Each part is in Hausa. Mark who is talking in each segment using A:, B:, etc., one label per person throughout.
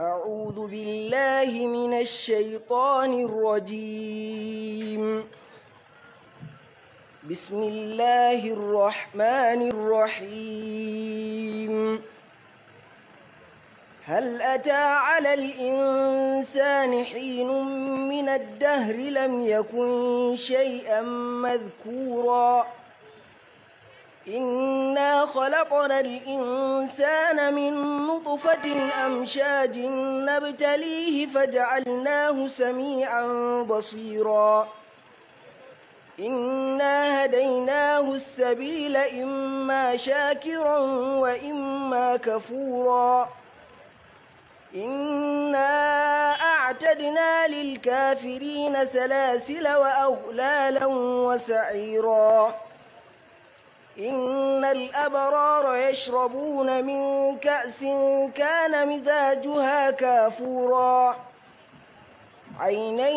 A: أعوذ بالله من الشيطان الرجيم بسم الله الرحمن الرحيم هل أتى على الإنسان حين من الدهر لم يكن شيئا مذكوراً إنا خلقنا الإنسان من نطفة أمشاج نبتليه فجعلناه سميعا بصيرا إنا هديناه السبيل إما شاكرا وإما كفورا إنا أعتدنا للكافرين سلاسل وأغلالا وسعيرا إن الأبرار يشربون من كأس كان مزاجها كافورا عينا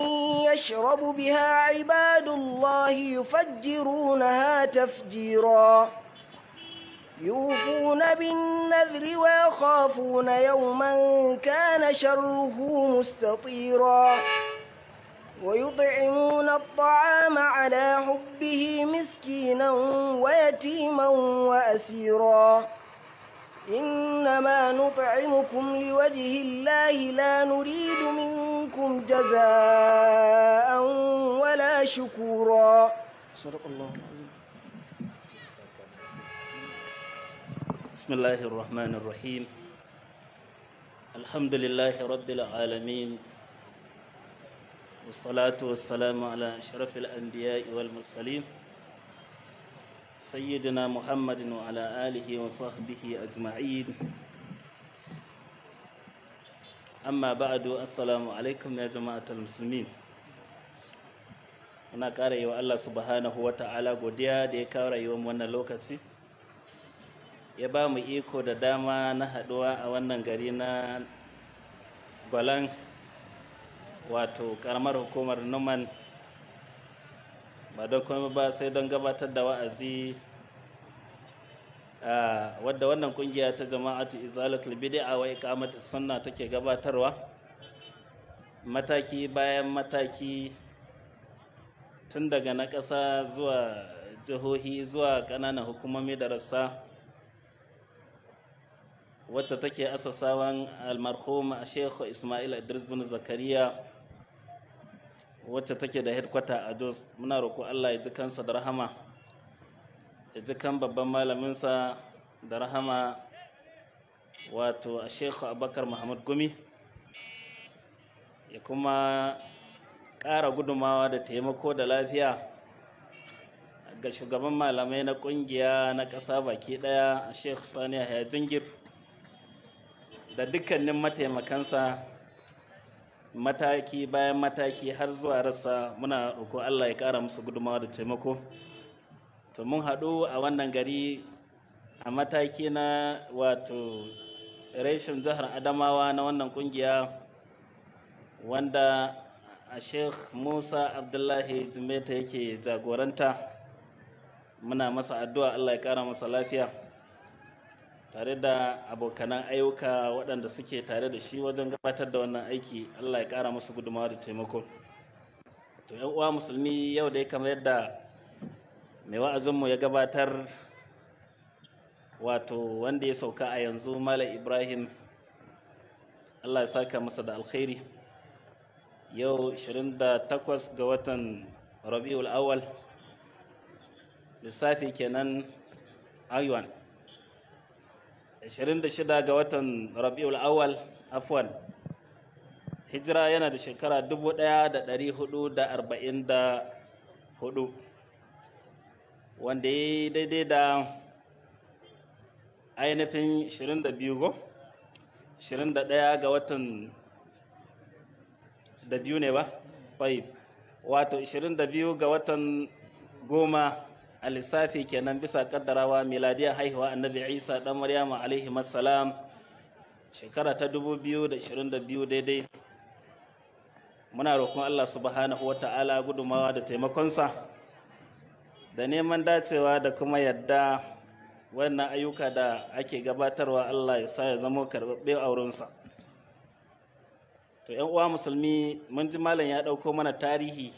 A: يشرب بها عباد الله يفجرونها تفجيرا يوفون بالنذر ويخافون يوما كان شره مستطيرا ويطعمون الطعام على حبه مسكينا ويتيما وأسيرا إنما نطعمكم لوجه الله لا نريد منكم جزاء ولا شكورا صدق الله
B: بسم الله الرحمن الرحيم الحمد لله رب العالمين والصلاة والسلام على أشرف الأنبياء والمرسلين سيدنا محمد وعلى آله وصحبه أجمعين أما بعد السلام عليكم يا جماعة المسلمين muna ƙara yi wa Allah subhanahu wa ta'ala godiya da ya kawo rayuwar wannan lokaci ya ba mu iko da dama na haɗuwa a wannan gari na gwalan wato karamar hukumar numan ba don kuma ba sai don gabatar da wa'azi wadda wannan kungiya ta jama'atu izalatul bid'a wa iqamatu sunna take gabatarwa mataki bayan mataki tun daga na ƙasa zuwa jihohi zuwa ƙananan hukumomi da rassa wacce take asasawan almarhum Sheikh Ismail Idris bin Zakariya wacce take da headquarter a Jos muna roƙo Allah ya ji kansa da rahama ya ji kan babban malaminsa da rahama wato a Sheikh Abubakar Muhammad Gumi ya kuma ƙara gudumawa da taimako da lafiya ga shugaban malamai na ƙungiya na ƙasa baki ɗaya a Sheikh Saniya Yahya Jingir da dukkanin mataimakansa mataki bayan mataki har zuwa rasa muna roƙo Allah ya ƙara musu gudumawa da taimako to mun haɗu a wannan gari a mataki na wato reshen jihar adamawa na wannan ƙungiya wanda a sheikh musa abdullahi jimeta yake jagoranta muna masa addu'a Allah ya ƙara masa lafiya tare da abokanan ayyuka waɗanda suke tare da shi wajen gabatar da wannan aiki allah ya ƙara musu guduma da taimako to yan uwa musulmi yau dai kamar yadda mai wa'azinmu ya gabatar wato wanda ya sauka a yanzu malam ibrahim allah ya saka masa da alkhairi yau 28 ga watan rabi'ul awal lissafi kenan ayuwan 26 ga watan rabi'ul awal afwan hijira yana da shekara 1444 wanda ya yi daidai da ainihin 22 go 21 ga watan da biyu ne ba? taib wato 22 ga watan goma a lissafi kenan bisa kaddarawa miladiya haihuwa annabi isa dan maryama alaihi salam shekara ta 2022 daidai muna roƙon allah subhanahu wa ta'ala gudumawa da taimakonsa da neman dacewa da kuma yadda wannan ayyuka da ake gabatarwa allah ya sa ya zama karɓaɓɓe aurensa to 'yan uwa musulmi mun ji malam ya ɗauko mana tarihi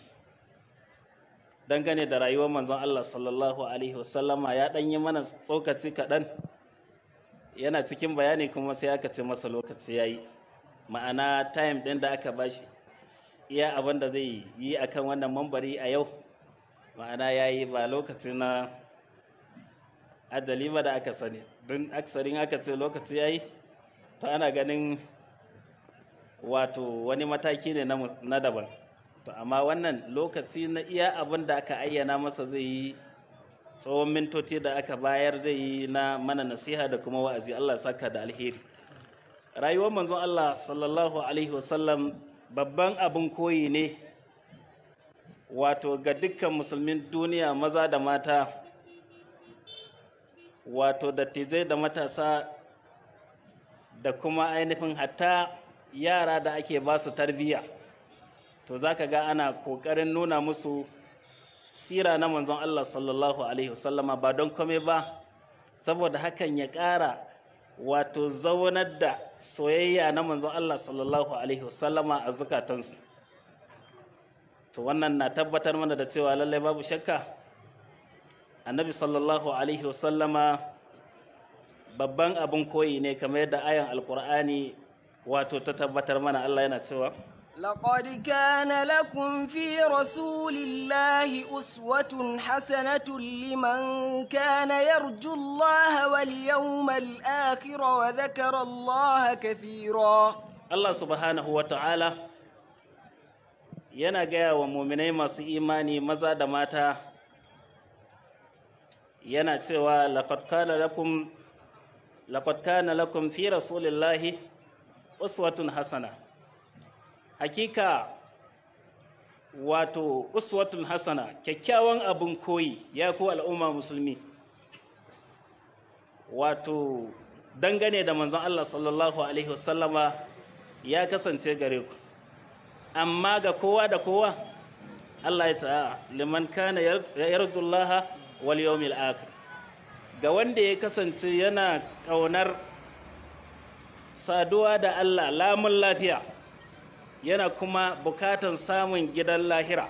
B: dangane da rayuwar manzon Allah sallallahu alaihi wasallama ya dan yi mana tsokaci kaɗan yana cikin bayani kuma sai aka ce masa lokaci ya yi ma'ana time ɗin da aka bashi iya abin da zai yi akan wannan mambari a yau ma'ana ya yi ba lokaci na ajali ba da aka sani don aksarin aka ce lokaci ya yi ta ana ganin wato wani mataki ne na daban to amma wannan lokaci na iya abin da aka ayyana masa zai yi tsawon mintoci da aka bayar zai yi na mana nasiha da kuma wa'azi Allah saka da alheri rayuwar manzon Allah sallallahu alaihi wasallam babban abin koyi ne wato ga dukkan musulmin duniya maza da mata wato dattijai da matasa da kuma ainihin hatta yara da ake ba su tarbiyya to za ka ga ana ƙoƙarin nuna musu sira na manzon Allah sallallahu Alaihi wasallama ba don kome ba saboda hakan ya ƙara wato zaunar da soyayya na manzon Allah sallallahu Alaihi wasallama a zukatansu to wannan na tabbatar mana da cewa lallai babu shakka annabi sallallahu Alaihi wasallama babban abin koyi ne kamar yadda ayan alkur'ani wato ta tabbatar mana Allah yana cewa
A: لقد كان لكم في رسول الله أسوة حسنة لمن كان يرجو الله واليوم الآخر وذكر الله كثيرا
B: الله سبحانه وتعالى ينقى ومؤمني مس إيماني مزاد ماتا ينقى سوى لقد كان لكم لقد كان لكم في رسول الله أسوة حسنة hakika wato uswatun hasana kyakkyawan abin koyi ya ku al'umma musulmi wato dangane da manzon Allah sallallahu alaihi wasallama ya kasance gare ku amma ga kowa da kowa Allah ya ta'a liman kana yarjullaha wal yawmil akhir ga wanda ya kasance yana kaunar saduwa da Allah lamun lafiya yana kuma bukatan samun gidan lahira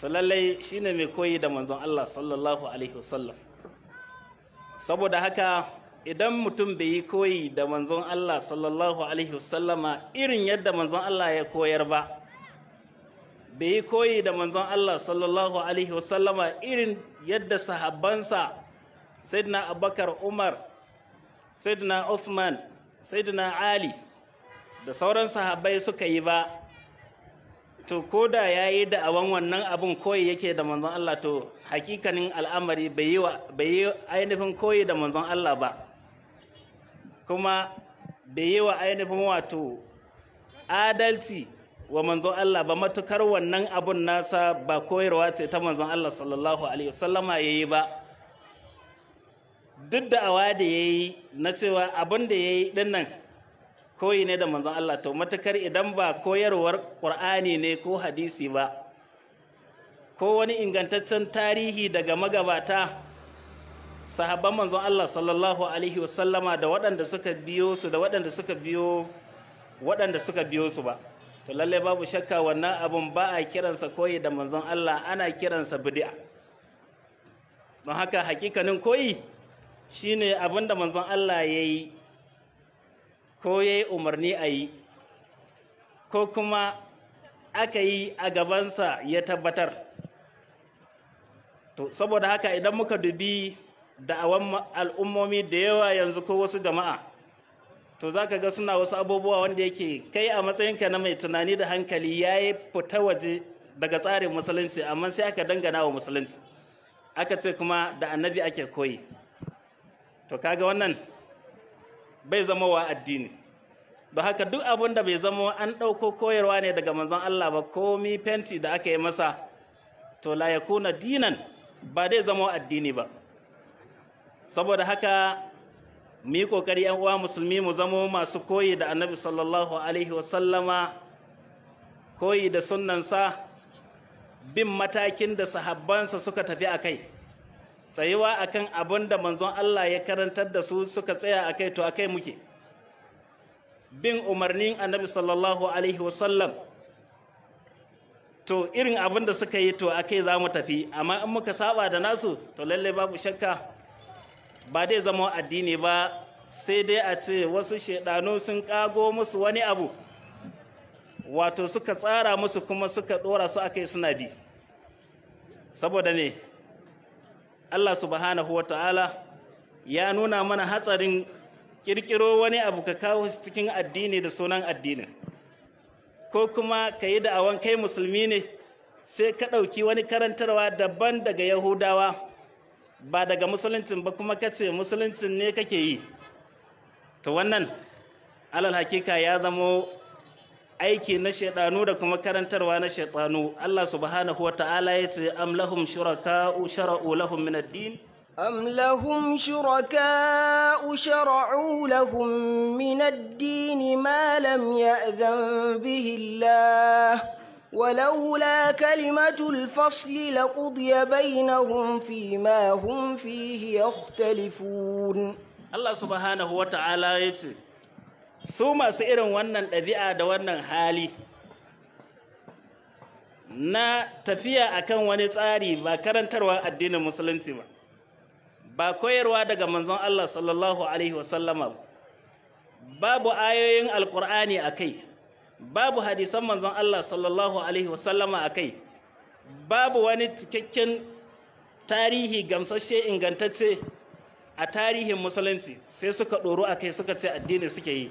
B: to lallai shine mai koyi da manzon Allah sallallahu alaihi wasallam saboda haka idan mutum bai yi koyi da manzon Allah sallallahu alaihi wasallama irin yadda manzon Allah ya koyar ba bai yi koyi da manzon Allah sallallahu alaihi wasallama irin yadda sahabbansa sayyidina Abubakar Umar sayyidina Uthman sayyidina Ali da sauran sahabbai suka yi ba to ko da ya yi da'awan wannan abin koyi yake da manzon Allah to hakikanin al'amari bai yi ainihin koyi da manzon Allah ba kuma bai yi wa ainihin wato adalci wa manzon Allah ba matukar wannan abun nasa ba koyarwa ce ta manzon Allah sallallahu alaihi wasallama ya yi ba duk da'awa da ya yi na cewa abin da ya yi dinnan koyi ne da manzon Allah to matakar idan ba koyarwar Qur'ani ne ko hadisi ba ko wani ingantaccen tarihi daga magabata sahabban manzon Allah sallallahu alaihi wasallama da waɗanda suka biyo su da waɗanda suka biyo waɗanda suka biyo su ba to lalle babu shakka wannan abun ba a kiransa koyi da manzon Allah ana kiransa bid'a don haka hakikanin koyi shine abin da manzon Allah ya yi ko ya yi umarni a yi ko kuma aka yi a gabansa ya tabbatar to saboda haka idan muka dubi da'awan al'ummomi da yawa yanzu ko wasu jama'a to za ka ga suna wasu abubuwa wanda yake kai a matsayinka na mai tunani da hankali ya yi fita waje daga tsarin musulunci amma sai aka dangana wa musulunci aka ce kuma da annabi ake koyi to kaga wannan bai zama wa addini ba haka duk abin da bai zama an ɗauko koyarwa ne daga manzon Allah ba komi fenti da aka yi masa to la kuna dinan ba dai zama addini ba saboda haka mu yi kokari yan uwa musulmi mu zama masu koyi da annabi sallallahu alaihi wasallama koyi da sunnansa bin matakin da sahabbansa suka tafi a kai tsayuwa kan abin da manzon Allah ya karantar da su suka tsaya a kai to a kai muke bin umarnin annabi sallallahu alaihi wasallam to irin abin da suka yi to a kai za mu tafi amma in muka saba da nasu to lalle babu shakka ba dai zama addini ba sai dai a ce wasu shaidanu sun kago musu wani abu wato suka tsara musu kuma suka dora su akai suna bi saboda ne Allah subhanahu wa ta'ala ya nuna mana hatsarin kirkiro wani abu ka kawo cikin addini da sunan addinin ko kuma ka yi da'awan kai musulmi ne sai ka ɗauki wani karantarwa daban daga yahudawa ba daga musuluncin ba kuma ka ce musuluncin ne kake yi Ta wannan alal hakika ya zamo aiki na shaidanu da kuma karantarwa na shaidanu Allah subhanahu wa ta'ala ya am lahum shuraka'u shara'u lahum min ad-din
A: am lahum shuraka'u shara'u lahum min ad-din ma lam ya'dhan bihi Allah ولولا كلمة الفصل لقضي بينهم فيما هم فيه يختلفون
B: الله سبحانه وتعالى يتسي su masu irin wannan ɗabi'a da wannan hali na tafiya akan wani tsari ba karantarwa addinin musulunci ba ba koyarwa daga manzon Allah sallallahu alaihi wasallama babu ayoyin alkur'ani akai babu hadisan manzon Allah sallallahu alaihi wasallama a babu wani cikakken tarihi gamsashe ingantacce a tarihin musulunci sai suka ɗoro akai suka ce addini suke yi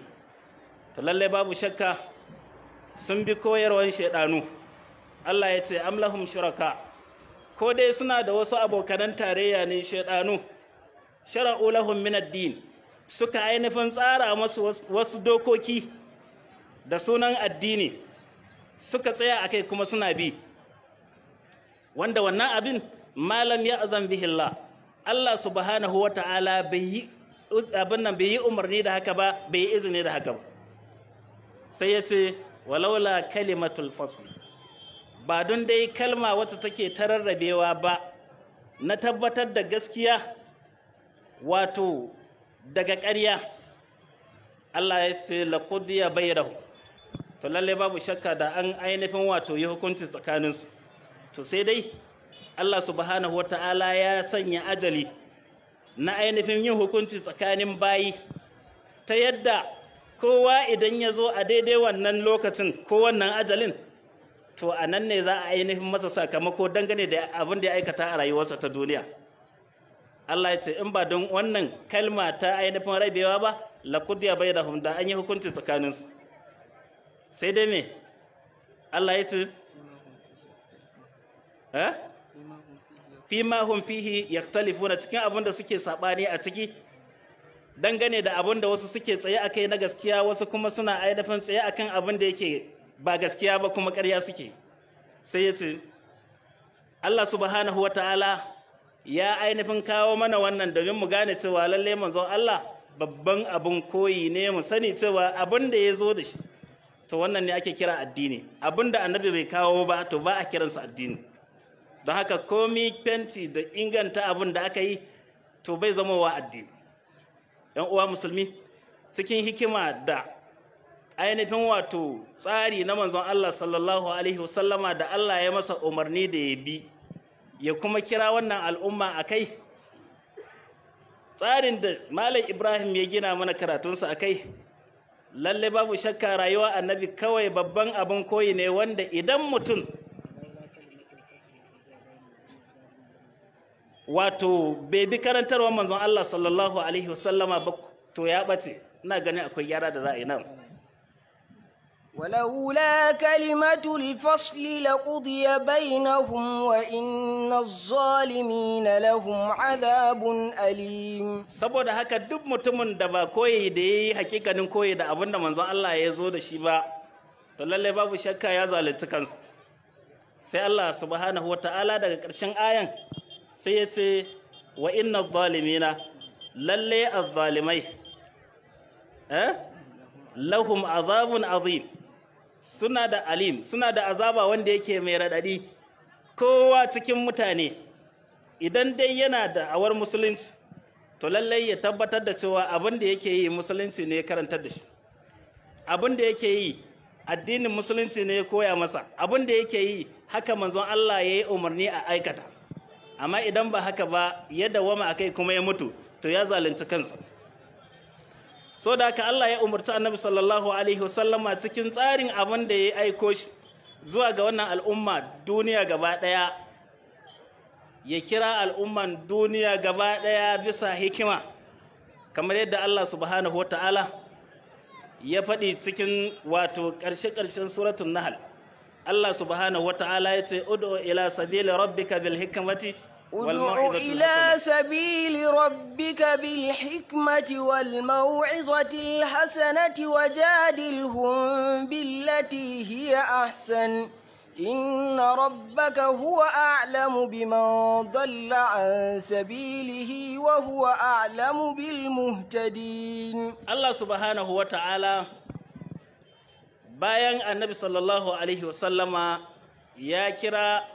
B: to lallai babu shakka sun bi koyarwan shaidanu Allah ya ce amlahum shuraka ko dai suna da wasu abokanan tarayya ne shaidanu shara'u lahum min ad-din suka ainihin tsara masu wasu dokoki da sunan addini suka tsaya akai kuma suna bi wanda wannan abin malam ya ya'zan bihi Allah Allah subhanahu wata'ala bai yi abin nan bai yi umarni da haka ba bai yi izini da haka ba sai ya ce walaula kalimatul fasli ba don dai kalma wata take tararrabewa ba na tabbatar da gaskiya wato daga ƙarya Allah ya ce laqudiya bainahu to lalle babu shakka da an ainihin wato yi hukunci tsakaninsu to sai dai Allah subhanahu wata'ala ya sanya ajali na ainihin yin hukunci tsakanin bayi ta yadda kowa idan ya zo a daidai wannan lokacin ko wannan ajalin to a nan ne za a ainihin masa sakamako dangane da abin da ya aikata a rayuwarsa ta duniya Allah ya ce in ba don wannan kalma ta ainihin rabewa ba lakudiya bai da da an yi hukunci tsakaninsu sai dai me Allah ya ce eh? fi ma hum fihi yaktalifuna cikin abin da suke saɓani a ciki dangane da abin da wasu suke tsaye a kai na gaskiya wasu kuma suna aidafin tsaye a kan abin da yake ba gaskiya ba kuma karya suke sai ya ce Allah subhanahu wa ta'ala ya ainihin kawo mana wannan domin mu gane cewa lalle manzon Allah babban abin koyi ne mu sani cewa abin da ya zo da shi to wannan ne ake kira addini abin da annabi bai kawo ba to ba a kiransa addini don haka komi fenti da inganta abin da aka yi to bai zama wa addini 'yan uwa musulmi cikin hikima da ainihin wato tsari na manzon Allah sallallahu alaihi wasallama da Allah ya masa umarni da ya bi ya kuma kira wannan al'umma a kai tsarin da malam ibrahim ya gina mana karatunsa a kai lalle babu shakka rayuwa annabi kawai babban abin koyi ne wanda idan mutum wato bai bi karantarwar manzon Allah sallallahu alaihi wasallama ba to ya bace ina ganin akwai gyara da za a yi nan
A: ولولا كلمة الفصل لقضي بينهم وإن الظالمين لهم عذاب أليم
B: saboda haka duk mutumin da ba koyi da yayi hakikanin koyi da da manzon Allah ya zo da shi ba to lallai babu shakka ya zalunci kansa sai Allah subhanahu ta'ala daga ƙarshen ayan sai ya ce wa inna zalimina lalle azzalimai eh lahum azabun azim suna da alim suna da azaba wanda yake mai radadi kowa cikin mutane idan dai yana da awar musulunci to lallai ya tabbatar da cewa abin da yake yi musulunci ne ya karantar da shi abin da yake yi addinin musulunci ne ya koya masa abin da yake yi haka manzon Allah ya yi umarni a aikata amma idan ba haka ba ya dawama akai kuma ya mutu to ya zalunci kansa so da haka Allah ya umarci annabi sallallahu alaihi wasallama cikin tsarin abin da ya aiko shi zuwa ga wannan al'umma duniya gaba ɗaya ya kira al'umman duniya gaba ɗaya bisa hikima kamar yadda Allah subhanahu wa ta'ala ya faɗi cikin wato ƙarshe-ƙarshen suratun nahal الله سبحانه وتعالى ya الى سبيل ربك بالحكمة ادعو إلى
A: سبيل ربك بالحكمة والموعظة الحسنة وجادلهم بالتي هي أحسن إن ربك هو أعلم بمن ضل عن سبيله وهو أعلم بالمهتدين
B: الله سبحانه وتعالى bayan annabi sallallahu alaihi wasallama ya kira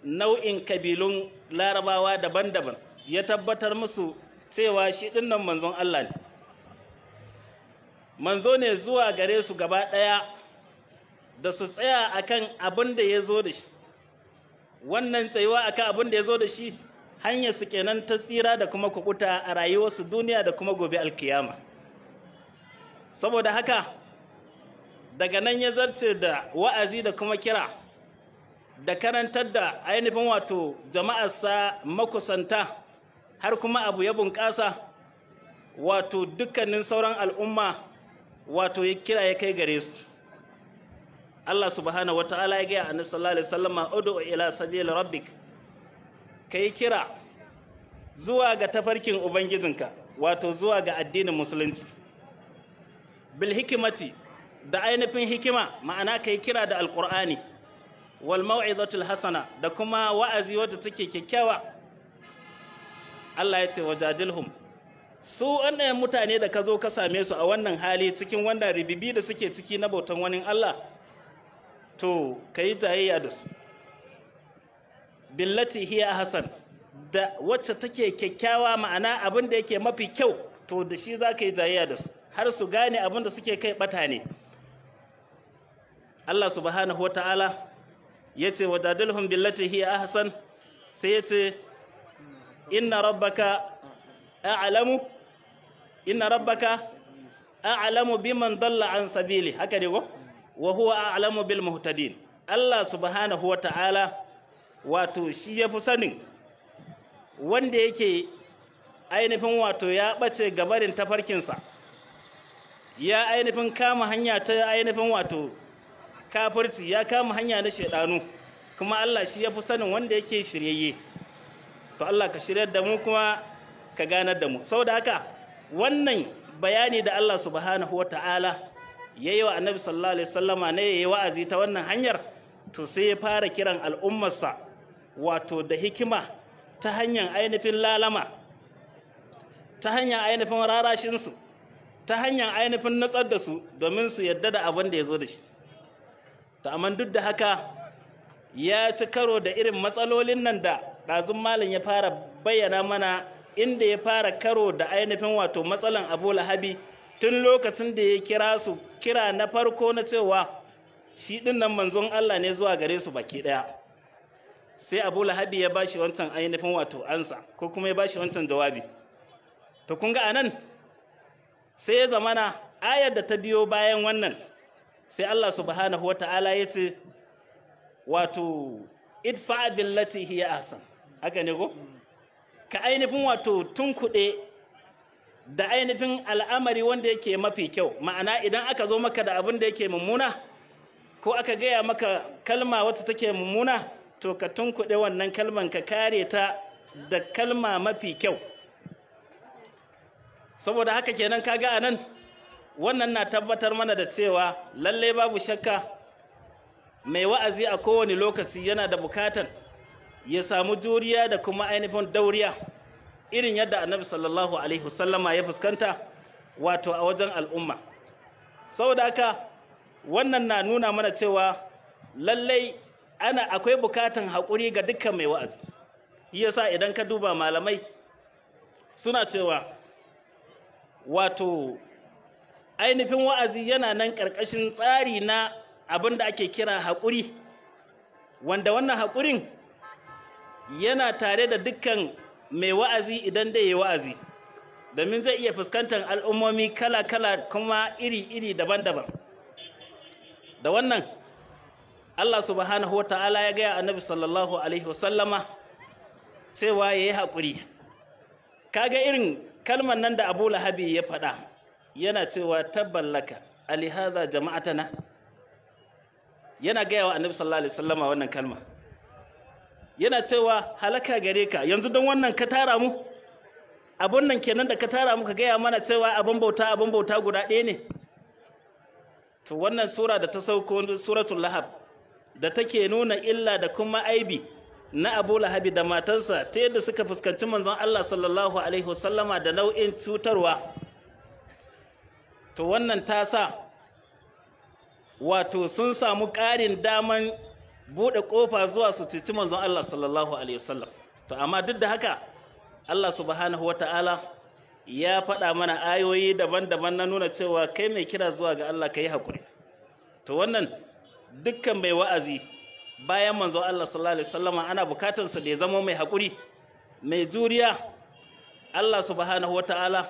B: nau'in kabilun larabawa daban-daban ya tabbatar musu cewa shi dinnan manzon Allah ne manzo ne zuwa gare su gaba ɗaya da su tsaya akan abin da ya zo da shi wannan tsayuwa akan abin da ya zo da shi hanya su kenan ta tsira da kuma kukuta a rayuwarsu duniya da kuma gobe alkiyama saboda haka daga nan ya zarce da wa'azi da kuma kira da karantar da ainihin wato jama'arsa makusanta har kuma abu ya bunƙasa wato dukkanin sauran al'umma wato ya kira ya kai gare su Allah subhanahu wa ta'ala ya gaya annabi sallallahu alaihi ila rabbik kai kira zuwa ga tafarkin ubangijinka wato zuwa ga addinin musulunci bil hikimati da ainihin hikima ma'ana kai kira da alqur'ani wal mau'izatul hasana da kuma wa'azi wadda take kyakkyawa Allah ya ce wajadilhum su wannan mutane da ka zo ka same su a wannan hali cikin wanda ribibi da suke ciki na bautan wani Allah to kai tayayya da su billati hiya hasan da wacce take kyakkyawa ma'ana abin da yake mafi kyau to da shi za ka yi jayayya da su har su gane abin da suke kai bata ne Allah subhanahu wata'ala ya ce wa dadilhum billati hiya ahsan sai ya ce inna rabbaka a'lamu inna rabbaka a'lamu biman dalla an sabili haka ne ko wa huwa a'lamu bil muhtadin Allah subhanahu wata'ala wato shi yafi sanin wanda yake ainihin wato ya bace gabarin tafarkinsa ya ainihin kama hanya ta ainihin wato kafirci ya kama hanya na shaidanu kuma Allah shi ya fi sanin wanda yake shiryayye to Allah ka shiryar da mu kuma ka ganar da mu saboda haka wannan bayani da Allah subhanahu wa ta'ala ya yi wa annabi sallallahu alaihi wasallama ne ya yi wa'azi ta wannan hanyar to sai ya fara kiran al'ummarsa wato da hikima ta hanyar ainihin lalama ta hanyar ainihin rarashinsu ta hanyar ainihin natsar da su domin su yadda da abin da ya zo da shi to amma duk da haka ya ci karo da irin matsalolin nan da ɗazun malam ya fara bayyana mana inda ya fara karo da ainihin wato matsalan abu lahabi tun lokacin da ya kira su kira na farko na cewa shi ɗin nan manzon Allah ne zuwa gare su baki ɗaya sai abu lahabi ya bashi wancan ainihin wato ansa ko kuma ya bashi wancan jawabi to kun ga anan sai ya zamana ayar da ta biyo bayan wannan sai Allah subhanahu wa ta'ala ya ce wato idfa billati hiya ahsan haka ne go. ka ainihin wato tun tunkuɗe da ainihin al'amari wanda yake mafi kyau ma'ana idan aka zo maka da abin da yake mummuna ko aka gaya maka kalma wata take mummuna to ka tun tunkuɗe wannan kalman ka kare ta da kalma mafi kyau saboda haka kenan kaga anan wannan na tabbatar mana da cewa lalle babu shakka mai wa'azi a kowane lokaci yana da bukatan ya samu juriya da kuma ainihin dauriya irin yadda annabi sallallahu alaihi wasallama ya fuskanta wato a wajen al'umma saboda haka wannan na nuna mana cewa lallai ana akwai bukatan haƙuri ga dukkan mai wa'azi yasa idan ka duba malamai suna cewa wato ainihin wa'azi yana nan ƙarƙashin tsari na abin da ake kira haƙuri wanda wannan haƙurin yana tare da dukkan mai wa'azi idan da ya wa'azi domin zai iya fuskantar al'ummomi kala-kala kuma iri-iri daban-daban da wannan Allah subhanahu wa ta'ala ya gaya annabi sallallahu alaihi wasallama cewa ya yi haƙuri kaga irin kalmar nan da abu lahabi ya faɗa yana cewa tabballaka alihaza jama'atana yana gaya wa annabi sallallahu alaihi wasallama wannan kalma yana cewa halaka gare ka yanzu don wannan ka tara mu abun nan kenan da ka tara mu ka gaya mana cewa abun bauta abun bauta guda ɗaya ne to wannan sura da ta sauko suratul lahab da take nuna illa da kuma aibi na Abu Lahabi da matansa ta yadda suka fuskanci manzon Allah sallallahu alaihi wasallama da nau'in cutarwa to wannan ta sa wato sun samu ƙarin daman buɗe ƙofa zuwa su cici manzon Allah sallallahu alaihi wasallam to amma duk da haka Allah subhanahu wata'ala ya faɗa mana ayoyi daban-daban na nuna cewa kai mai kira zuwa ga Allah kai hakuri to wannan dukkan mai wa'azi bayan manzon Allah sallallahu alaihi wasallam ana bukatar sa da ya zama mai hakuri mai juriya Allah subhanahu wata'ala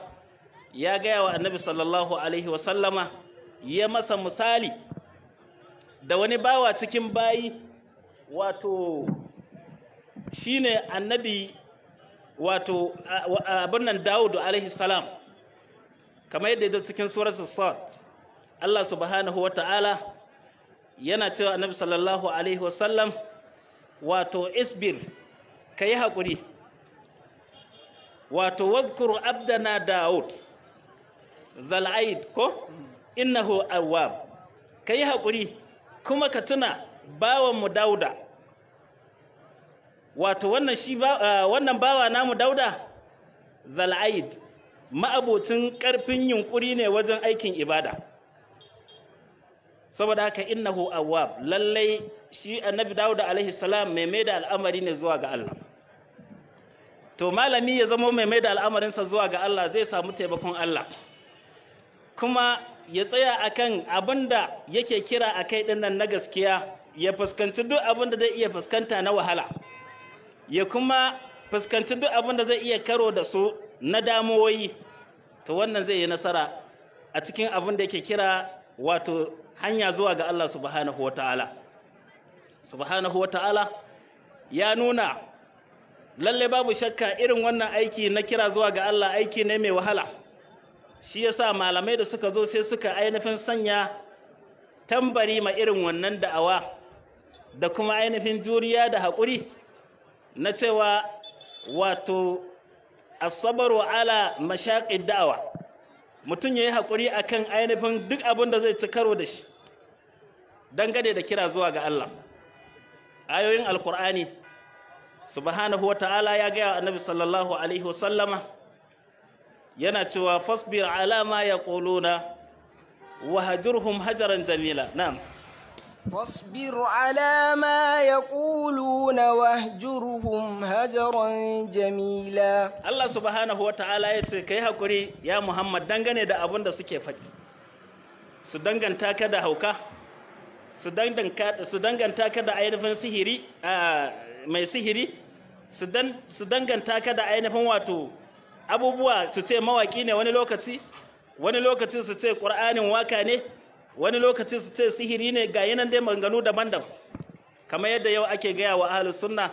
B: ya gaya wa annabi sallallahu alaihi wasallama ya masa misali da wani bawa cikin bayi wato shine annabi wato abin nan dawudu alaihi salam kamar yadda ya cikin suratul sad Allah subhanahu wa ta'ala yana cewa annabi sallallahu alaihi wasallam wato isbir ka yi haƙuri wato wadkuru abdana dawud zal'aid ko innahu awwab ka yi haƙuri kuma ka tuna bawanmu dauda wato wannan shi wannan bawa namu dauda zal'aid ma'abocin ƙarfin yunƙuri ne wajen aikin ibada saboda haka innahu awwab lallai shi annabi dauda alaihi salam mai mai da al'amari ne zuwa ga Allah to malami ya zama mai mai da al'amarinsa zuwa ga Allah zai samu taimakon Allah kuma ya tsaya a kan abin da yake kira a kai ɗinnan na gaskiya ya fuskanci duk abin da zai iya fuskanta na wahala ya kuma fuskanci duk abin da zai iya karo da su na damuwoyi to wannan zai yi nasara a cikin abin da yake kira wato hanya zuwa ga Allah subhanahu wata'ala subhanahu wata'ala ya nuna lalle babu shakka irin wannan aiki na kira zuwa ga Allah aiki ne mai wahala shi ya sa malamai da suka zo sai suka ainihin sanya tambari ma irin wannan da'awa da kuma ainihin juriya da haƙuri na cewa wato wa ala mashaƙi da'awa mutum ya yi haƙuri a kan ainihin duk abin da zai ci karo da shi dangane da kira zuwa ga Allah ayoyin alkur'ani subhanahu wa ta'ala ya gaya wa annabi sallallahu alaihi wasallama yana cewa fasbir ya ma yaquluna وهجرهم hajaran jamila نعم
A: فاصبر على ما يقولون واهجرهم هجرا جميلا الله سبحانه وتعالى yace
B: kai hakuri ya Muhammad dangane da abin da suke faɗi su danganta ka da hauka su danganta su danganta ka da ainihin sihiri ah, mai sihiri su danganta ka da ainihin wato abubuwa su ce mawaki ne wani lokaci wani lokaci su ce ƙur'anin waka ne wani lokaci su ce sihiri ne ga yanan dai maganganu daban-daban kamar yadda yau ake gaya wa ahlus sunna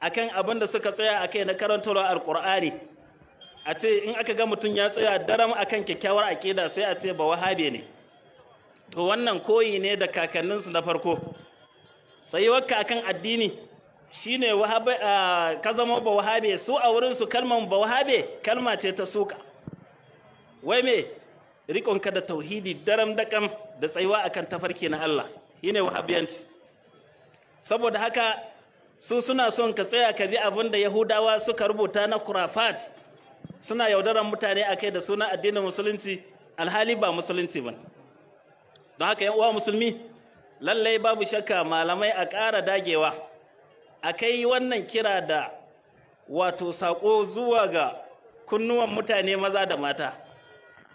B: akan abin da suka tsaya akai na karantarwa alqur'ani a ce in aka ga mutum ya tsaya daram akan kyakkyawar aƙida sai a ce ba wahabe ne to wannan koyi ne da kakanninsu na farko tsayuwarka akan addini Shi ne ka zama ba wahabe su a wurin su kalman ba wahabe kalma ce ta suka wai me rikonka da tauhidi daram dakam da tsayuwa akan tafarki na Allah Shi ne wahabiyanci saboda haka su suna son ka tsaya ka bi abin da Yahudawa suka rubuta na kurafat suna yaudaran mutane a kai da suna addinin musulunci alhali ba musulunci ba don haka yan uwa musulmi lallai babu shakka malamai a ƙara dagewa akai wannan kira da wato sako zuwa ga kunnuwan mutane maza da mata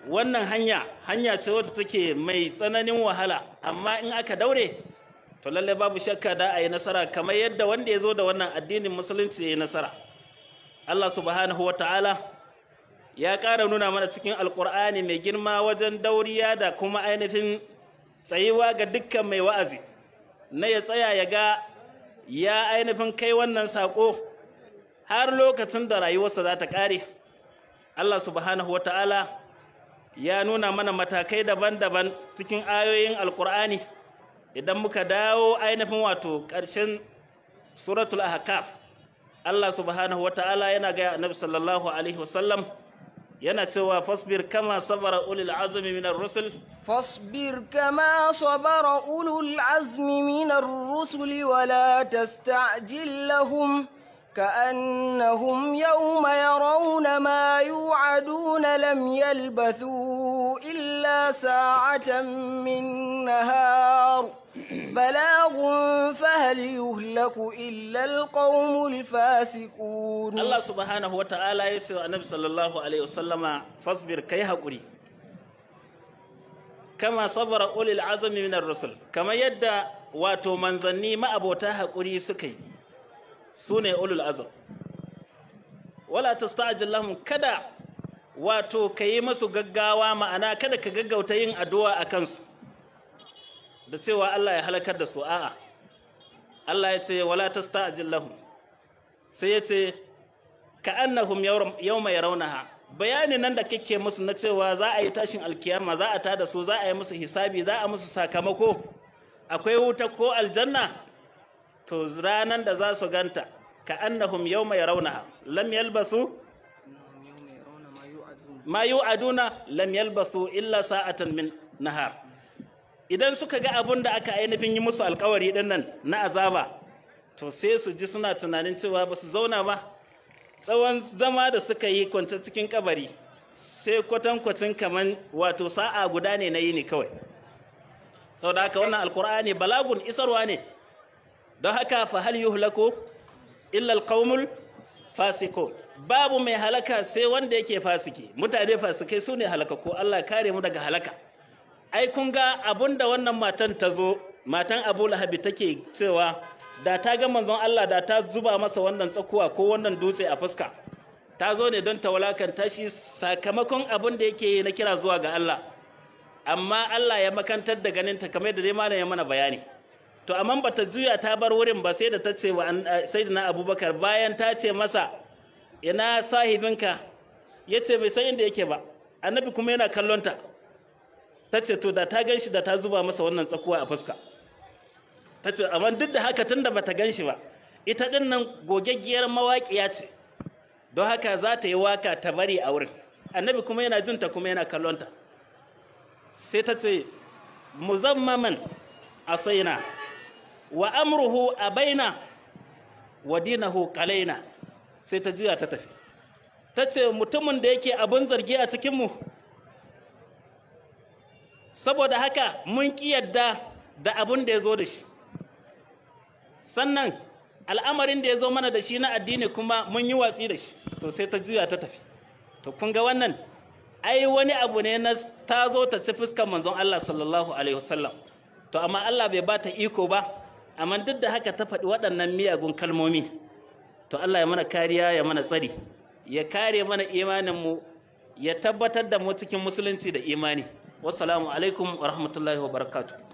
B: wannan hanya hanya ce wata take mai tsananin wahala amma in aka daure to lallai babu shakka da ayi nasara kamar yadda wanda yazo zo da wannan addinin musulunci ya yi nasara Allah subhanahu wa ta'ala ya ƙara nuna mana cikin alƙur'ani mai girma wajen dauriya da kuma ainihin tsayuwa ga dukkan mai wa'azi na ya tsaya ya ga ya ainihin kai wannan saƙo har lokacin da rayuwarsa za ta ƙare Allah subhanahu wata'ala ya nuna mana matakai daban-daban cikin ayoyin alkur'ani idan muka dawo ainihin wato ƙarshen suratul ahkaf Allah subhanahu wata'ala yana gaya annabi sallallahu alaihi wasallam yana cewa fasbir kama sabara ulul azmi minar rusul
A: fasbir kama sabara ulul azmi minar rusuli wala tasta'jil lahum كأنهم يوم يرون ما يوعدون لم يلبثوا إلا ساعة من نهار بلاغ فهل يهلك إلا القوم الفاسقون الله
B: سبحانه وتعالى يتسوى النبي صلى الله عليه وسلم فاصبر كي هكري كما صبر أولي العزم من الرسل كما يدى واتو منزني ما أبوتاها هكري سكي سوني أولي العزم ولا تستعجل لهم كدا واتو كيمسو غغاوا معنا كدا كغغوتا ين أدوا أكنسو da cewa Allah ya halakar da su a'a Allah ya ce wala tasta'jil lahum sai ya ce ka annahum yawma yarawnaha bayani nan da kake musu na cewa za a yi tashin alkiyama za a da su za a yi musu hisabi za a musu sakamako akwai wuta ko aljanna to ranan da za su ganta ka annahum yawma yarawnaha lam yalbathu ma yu'aduna lam yalbathu illa sa'atan min nahar idan suka ga abin da aka ainihin yi musu alkawari ɗin nan na azaba to sai su ji suna tunanin cewa ba su zauna ba tsawon zama da suka yi kwanta cikin kabari sai kwatankwacin kaman wato sa'a guda ne na yi ne kawai sau da haka wannan alkur'ani balagun isarwa ne don haka fa hal hulako illa alqaumul fasiko babu mai halaka sai wanda yake fasiki mutane fasikai su ne halakako Allah kare mu daga halaka ai kun ga abun da wannan matan ta zo matan abu lahabi take cewa da ta ga manzon Allah da ta zuba masa wannan tsakuwa ko wannan dutse a fuska ta zo ne don ta walakanta shi sakamakon abin da yake na kira zuwa ga Allah amma Allah ya makantar da ganin ta kamar da dai malam ya mana bayani to amma bata juya ta bar wurin ba sai da ta ce wa sayyidina Abubakar bayan ta ce masa ina sahibinka yace bai san inda yake ba annabi kuma yana kallonta. ta ta ce to da ta gan shi da ta zuba masa wannan tsakuwa a fuska ta ce amma duk da haka tun tunda bata gan shi ba ita din nan gogaggiyar mawaƙiya ce don haka za ta yi waka ta bari a wurin annabi kuma yana jinta kuma yana kallonta sai ta ce muzammaman saina wa amruhu a baina wa dinahu qalaina sai ta jiya ta tafi ta ce mutumin da yake abin zargi a cikinmu saboda haka mun ki yadda da abin da ya zo da shi sannan al'amarin da ya zo mana da shi na addini kuma mun yi watsi da shi to sai ta juya ta tafi to kun ga wannan ai wani abu ne na ta zo ta ci fuskar manzon Allah sallallahu alaihi wasallam to amma Allah bai ba ta iko ba amma duk da haka ta faɗi waɗannan miyagun kalmomi to Allah ya mana kariya ya mana tsari ya kare mana imaninmu ya tabbatar da mu cikin musulunci da imani wassalamu alaikum wa rahmatullahi wa barakatuh